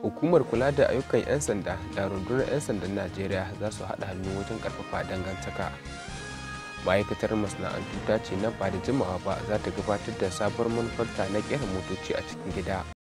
hukumar kula da ayyukan 'yan sanda da rundunar 'yan sandan najeriya za su haɗa hannu wajen ƙarfafa dangantaka ma'aikatar masana'antu ta ce nan ba da jimawa ba za ta gabatar da sabuwar manufarta na kera motoci a cikin gida